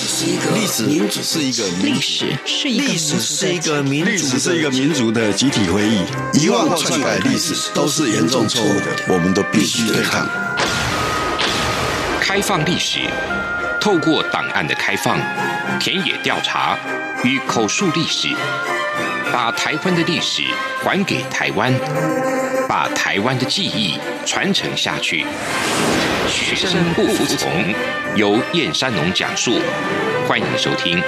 歷史是一個，民族，一個民族一個民族的歷史是一個歷史是一個民族的集體回憶，遺忘篡改歷史都是嚴重錯誤的，的我們都必須對抗開放歷史，透過檔案的開放、田野調查與口述歷史，把台灣的歷史還給台灣，把台灣的記憶傳承下去。學生不服從，由燕山農講述，歡迎收聽。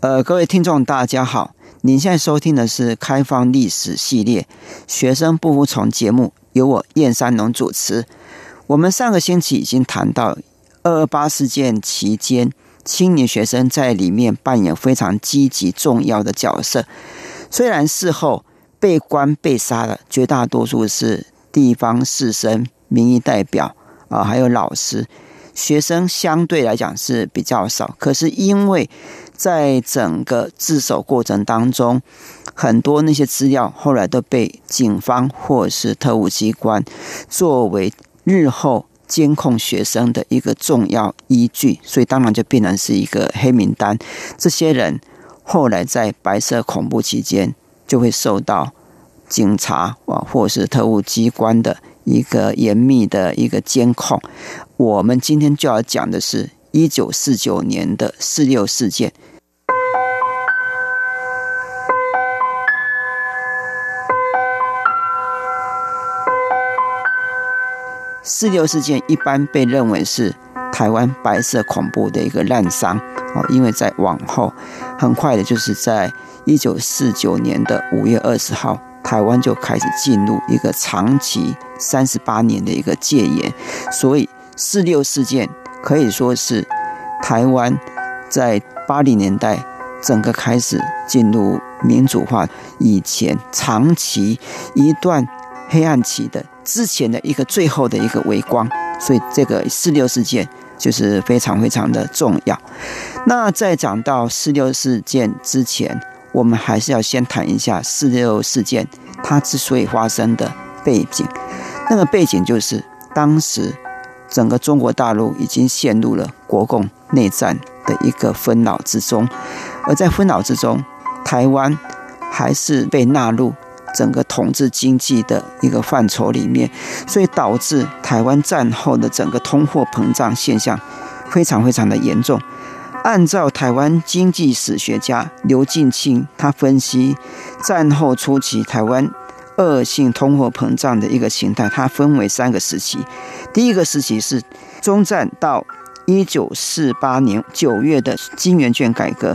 呃，各位聽眾，大家好，您現在收聽的是《開放歷史系列：學生不服從》節目，由我燕山農主持。我們上個星期已經談到二二八事件期間，青年學生在裡面扮演非常積極重要的角色。雖然事後被關被殺的絕大多數是，地方士紳、民意代表啊，還有老師、學生，相對來講是比較少。可是因為，在整個自首過程當中，很多那些資料後來都被警方或者是特務機關作為日後監控學生的一個重要依據，所以當然就變成是一個黑名單。這些人後來在白色恐怖期間就會受到。警察啊，或是特務機關的一個嚴密的一個監控。我們今天就要講的是一九四九年的四六事件。四六事件一般被認為是台灣白色恐怖的一個濫觴哦，因為在往後很快的就是在一九四九年的五月二十號。台灣就開始進入一個長期三十八年的一個戒嚴，所以四六事件可以說是台灣在八零年代整個開始進入民主化以前，長期一段黑暗期的之前的一個最後的一個微光，所以這個四六事件就是非常非常的重要。那在講到四六事件之前。我們還是要先談一下四六事件，它之所以發生的背景，那個背景就是當時整個中國大陸已經陷入了國共內戰的一個紛擾之中，而在紛擾之中，台灣還是被納入整個統治經濟的一個範疇裡面，所以導致台灣戰後的整個通貨膨脹現象非常非常的嚴重。按照台灣經濟史學家劉進慶，他分析戰後初期台灣惡性通貨膨脹的一個形態，它分為三個時期。第一個時期是終戰到一九四八年九月的金圓券改革；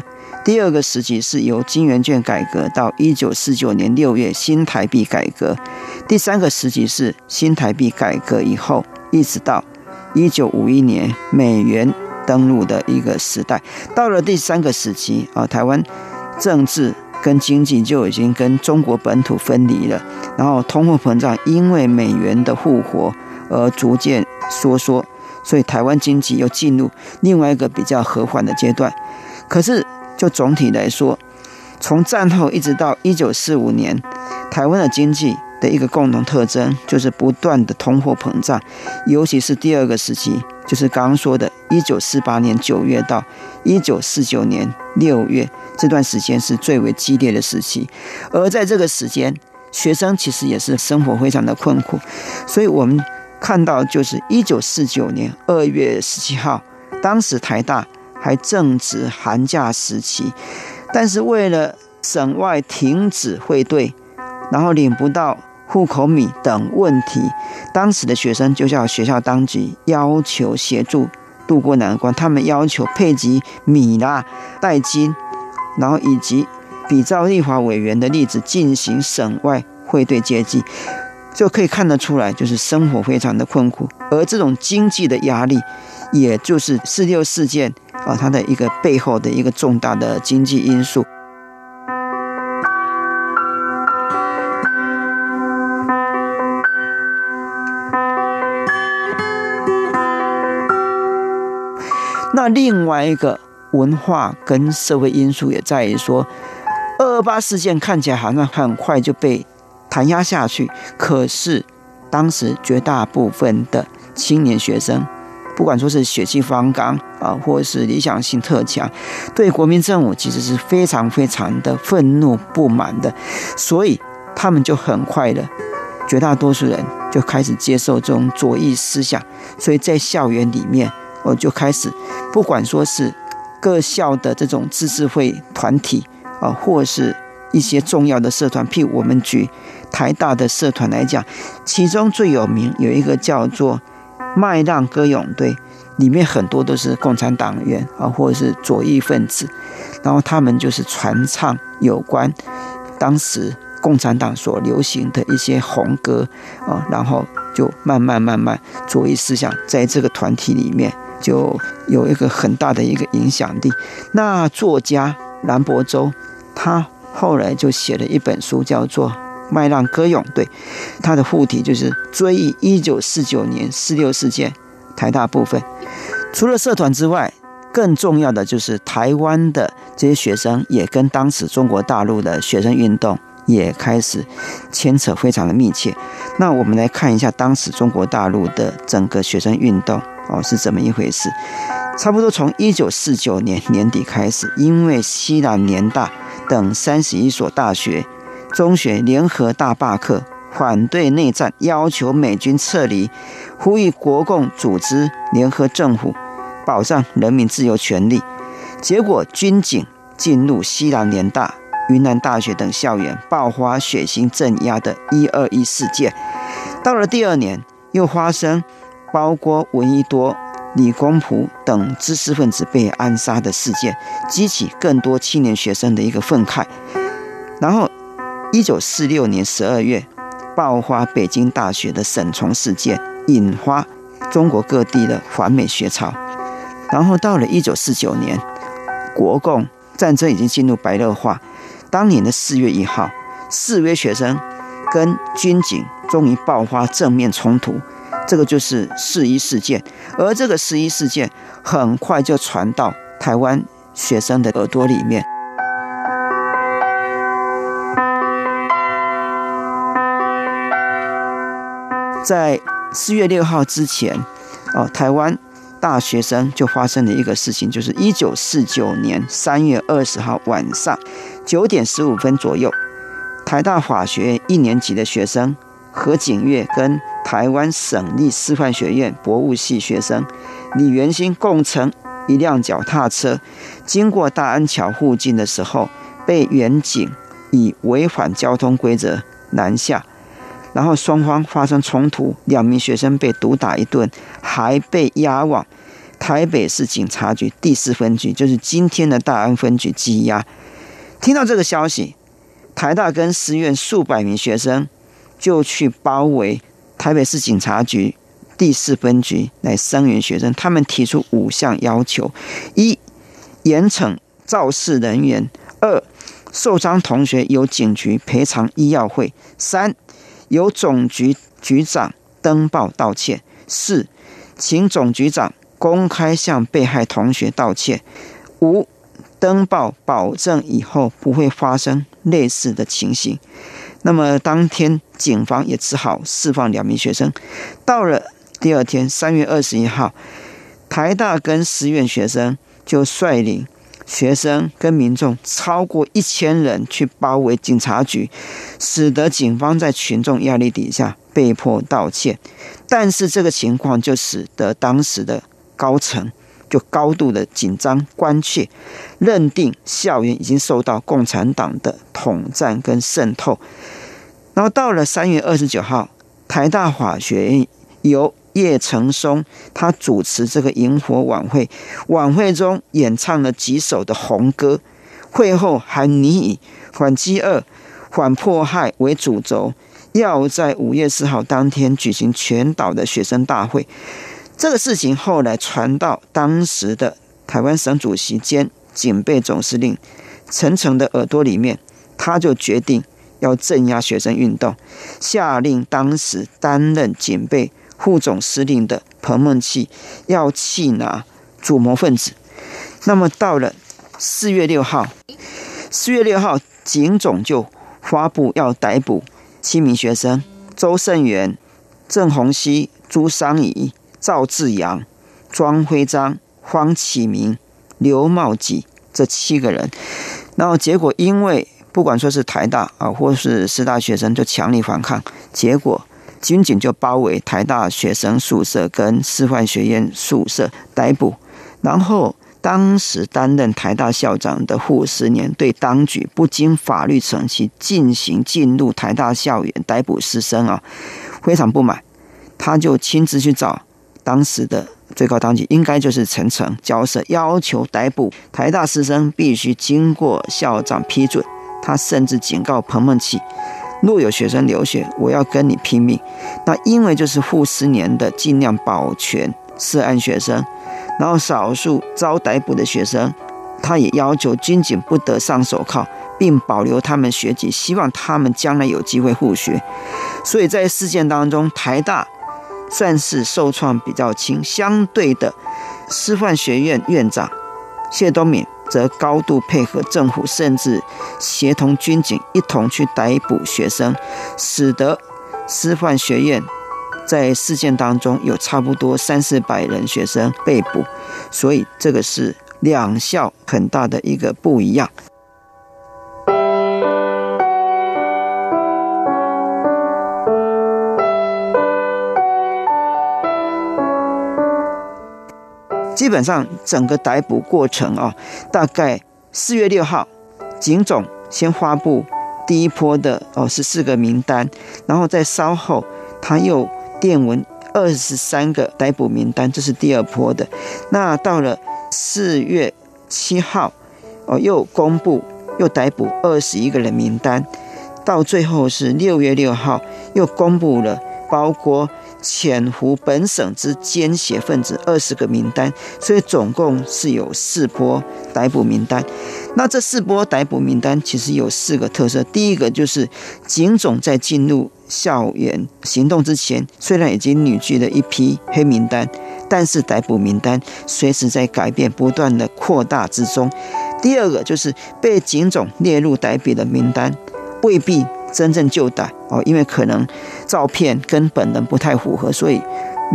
第二個時期是由金圓券改革到一九四九年六月新台幣改革；第三個時期是新台幣改革以後，一直到一九五一年美元，登陸的一個時代，到了第三個時期啊，台灣政治跟經濟就已經跟中國本土分離了。然後通貨膨脹因為美元的復活而逐漸收縮，所以台灣經濟又進入另外一個比較和緩的階段。可是就總體來說，從戰後一直到一九四五年，台灣的經濟的一個共同特徵就是不斷的通貨膨脹，尤其是第二個時期。就是剛剛說的，1948年9月到1949年6月這段時間是最為激烈的時期，而在這個時間，學生其實也是生活非常的困苦，所以我們看到就是1949年2月17號，當時台大還正值寒假時期，但是為了省外停止匯兌，然後領不到。戶口米等問題，當時的學生就叫學校當局要求協助渡過難關。他們要求配給米啦、代金，然後以及比照立法委員的例子進行省外匯兌接濟，就可以看得出來，就是生活非常的困苦。而這種經濟的壓力，也就是四六事件啊、呃，它的一個背後的一個重大的經濟因素。那另外一個文化跟社會因素也在於說，二二八事件看起來好像很快就被彈壓下去，可是當時絕大部分的青年學生，不管說是血氣方剛啊，或是理想性特強，對國民政府其實是非常非常的憤怒不滿的，所以他們就很快的，絕大多數人就開始接受這種左翼思想，所以在校園裡面。我就開始，不管說是各校的這種自治會團體，啊，或是一些重要的社團，譬如我們舉台大的社團來講，其中最有名有一個叫做麥浪歌詠隊，裡面很多都是共產黨員啊，或者是左翼分子，然後他們就是傳唱有關當時共產黨所流行的一些紅歌啊，然後就慢慢慢慢左翼思想在這個團體裡面。就有一個很大的一個影響力。那作家藍博洲，他後來就寫了一本書，叫做《麥浪歌詠隊》，他的副題就是《追憶一九四九年四六事件》。台大部分，除了社團之外，更重要的就是台灣的這些學生也跟當時中國大陸的學生運動也開始牽扯非常的密切。那我們來看一下當時中國大陸的整個學生運動。哦，是怎麼一回事？差不多從一九四九年年底開始，因為西南聯大等三十一所大學、中學聯合大罷課，反對內戰，要求美軍撤離，呼籲國共組織聯合政府，保障人民自由權利。結果軍警進入西南聯大、雲南大學等校園，爆發血腥鎮壓的“一二一”事件。到了第二年，又發生。包括聞一多、李公樸等知識分子被暗殺的事件，激起更多青年學生的一個憤慨。然後，一九四六年十二月爆發北京大學的沈崇事件，引發中國各地的反美學潮。然後到了一九四九年，國共戰爭已經進入白熱化。當年的四月一號，示威學生跟軍警終於爆發正面衝突。這個就是四一事件，而這個四一事件很快就傳到台灣學生的耳朵裡面。在四月六號之前，哦，台灣大學生就發生了一個事情，就是一九四九年三月二十號晚上九點十五分左右，台大法學一年級的學生何景岳跟。臺灣省立師範學院博物系學生李元新共乘一輛腳踏車，經過大安橋附近的時候，被員警以違反交通規則攔下，然後雙方發生衝突，兩名學生被毒打一頓，還被押往臺北市警察局第四分局，就是今天的大安分局羈押。聽到這個消息，臺大跟師院數百名學生就去包圍。台北市警察局第四分局來聲援學生，他們提出五項要求：一、嚴懲肇事人員；二、受傷同學由警局賠償醫藥費；三、由總局局長登報道歉；四、請總局長公開向被害同學道歉；五、登報保證以後不會發生類似的情形。那麼當天。警方也只好釋放兩名學生。到了第二天，三月二十一號，台大跟師院學生就率領學生跟民眾超過一千人去包圍警察局，使得警方在群眾壓力底下被迫道歉。但是這個情況就使得當時的高層就高度的緊張關切，認定校園已經受到共產黨的統戰跟滲透。然後到了三月二十九號，台大法學院由葉城松他主持這個營火晚會，晚會中演唱了幾首的紅歌，會後還擬以反飢餓、反迫害為主軸，要在五月四號當天舉行全島的學生大會。這個事情後來傳到當時的台灣省主席兼警備總司令陳誠的耳朵裡面，他就決定。要鎮壓學生運動，下令當時擔任警備副總司令的彭孟緝要緝拿主謀分子。那麼到了四月六號，四月六號警總就發布要逮捕七名學生：周慎源、鄭鴻溪、朱商儀、趙志陽、莊輝章、方啟明、劉茂吉這七個人。然後結果因為。不管說是台大啊，或是師大學生就強力反抗，結果軍警就包圍台大學生宿舍跟師範學院宿舍逮捕。然後當時擔任台大校長的傅斯年對當局不經法律程序進行進入台大校園逮捕師生啊，非常不滿，他就親自去找當時的最高當局，應該就是陳誠交涉，要求逮捕台大師生必須經過校長批准。他甚至警告彭孟緝，“若有學生流血，我要跟你拼命。”那因為就是傅斯年的盡量保全涉案學生，然後少數遭逮捕的學生，他也要求軍警不得上手銬，並保留他們學籍，希望他們將來有機會復學。所以在事件當中，台大算是受創比較輕，相對的，師範學院院長謝東閔。則高度配合政府，甚至協同軍警一同去逮捕學生，使得師範學院在事件當中有差不多三四百人學生被捕，所以這個是兩校很大的一個不一樣。基本上整個逮捕過程啊、哦，大概四月六號，警總先發布第一波的哦十四個名單，然後在稍後他又電文二十三個逮捕名單，這是第二波的。那到了四月七號，哦又公布又逮捕二十一個人名單，到最後是六月六號又公布了包括。潛伏本省之奸邪分子二十個名單，所以總共是有四波逮捕名單。那這四波逮捕名單其實有四個特色：第一個就是警總在進入校園行動之前，雖然已經累積了一批黑名單，但是逮捕名單隨時在改變，不斷的擴大之中。第二個就是被警總列入逮捕的名單，未必真正就逮哦，因為可能照片跟本人不太符合，所以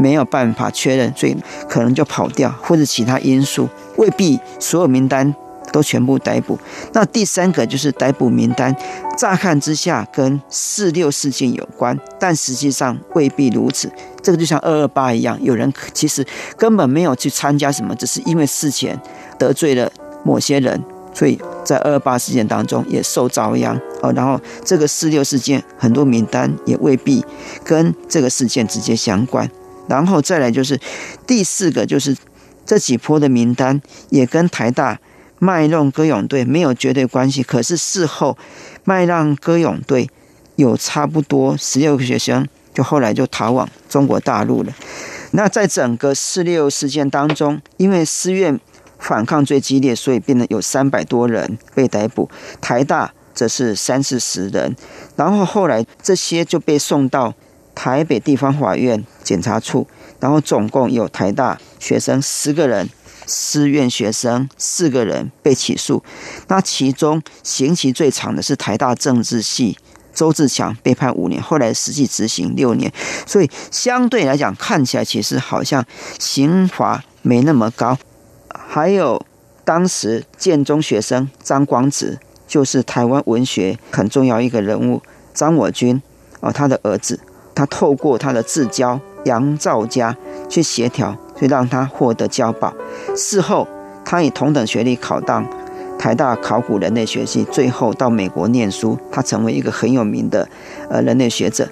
沒有辦法確認，所以可能就跑掉，或者其他因素，未必所有名單都全部逮捕。那第三個就是逮捕名單，乍看之下跟四六事件有關，但實際上未必如此。這個就像二二八一樣，有人其實根本沒有去參加什麼，只是因為事前得罪了某些人，所以。在二二八事件當中也受遭殃哦，然後這個四六事件很多名單也未必跟這個事件直接相關，然後再來就是第四個就是這幾波的名單也跟台大麥浪歌詠隊沒有絕對關係，可是事後麥浪歌詠隊有差不多十六個學生就後來就逃往中國大陸了。那在整個四六事件當中，因為師院。反抗最激烈，所以變得有三百多人被逮捕。台大則是三四十人，然後後來這些就被送到台北地方法院檢察處，然後總共有台大學生十個人，師院學生四個人被起訴。那其中刑期最長的是台大政治系周志強，被判五年，後來實際執行六年，所以相對來講看起來其實好像刑罰沒那麼高。還有，當時建中學生張光直就是台灣文學很重要一個人物，張我軍哦，他的兒子，他透過他的至交楊肇嘉去協調，去讓他獲得交保。事後，他以同等學歷考到台大考古人類學系，最後到美國念書，他成為一個很有名的呃人類學者。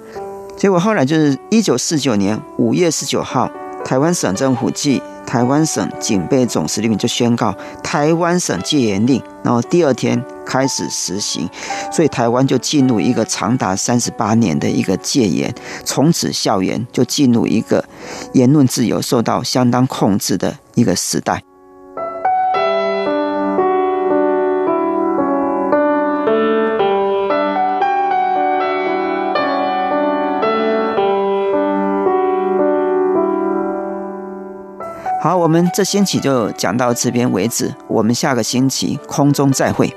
結果後來就是一九四九年五月十九號，台灣省政府記。台灣省警備總司令就宣告台灣省戒嚴令，然後第二天開始實行，所以台灣就進入一個長達三十八年的一個戒嚴，從此校園就進入一個言論自由受到相當控制的一個時代。好，我們這星期就講到這邊為止，我們下個星期空中再會。